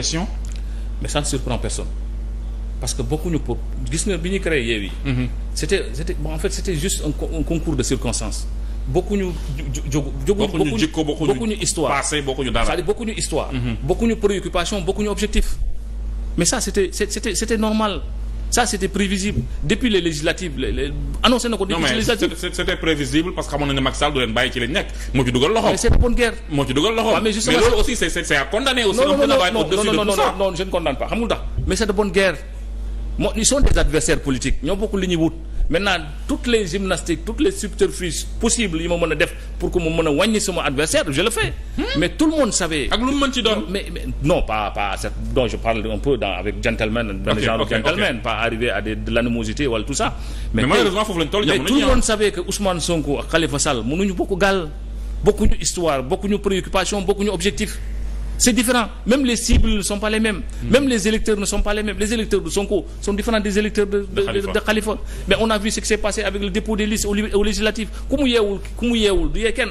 question mais ça ne surprend personne parce que bokkuñu pour gis nga bi ñu créé Yewwi mhm. c'était c'était un concours de circonstances bokkuñu jógu jikko bokkuñu histoire passé dara c'est-à-dire bokkuñu histoire mhm. objectif mais c'était normal ça c'était prévisible depuis les législatives annoncé na ko. c'était prévisible parce que xamoon na ne Macky Sall du leen ci lañ nekk moo ci dugal loxoom. mais c'est bonne guerre. moo ci dugal loxoom mais aussi c'est à condamner aussi. non non non non je ne condamne pas xam mais c'est de bonne guerre. moo ils sont des adversaires politiques ñoo bokk li ñuy maintenant toutes les gymnastiques toutes les subterfuges possibles yi ma mën a def pour que mu mën a wàññi sama adversaire je le fais hmm? mais tout le monde savait ak lu mu mën ci doon mais non pas pas c'est dont je parle un peu avec gentleman benn genre gentleman pas arriver à de l'animosité wala tout ça mais tout le monde savait que Ousmane Sonko ak Khalifa Sall mënuñu bokk gàll bokkuñu histoire bokkuñu préoccupation bokkuñu objectif c'est différent même les cibles ne sont pas les mêmes hmm. même les électeurs ne sont pas les mêmes les électeurs de Sonko sont différents des électeurs de de, mais on a vu ce qui s'est passé avec le dépôt des listes au, au législatif ku mu yeewul ku mu yeewul du yee kenn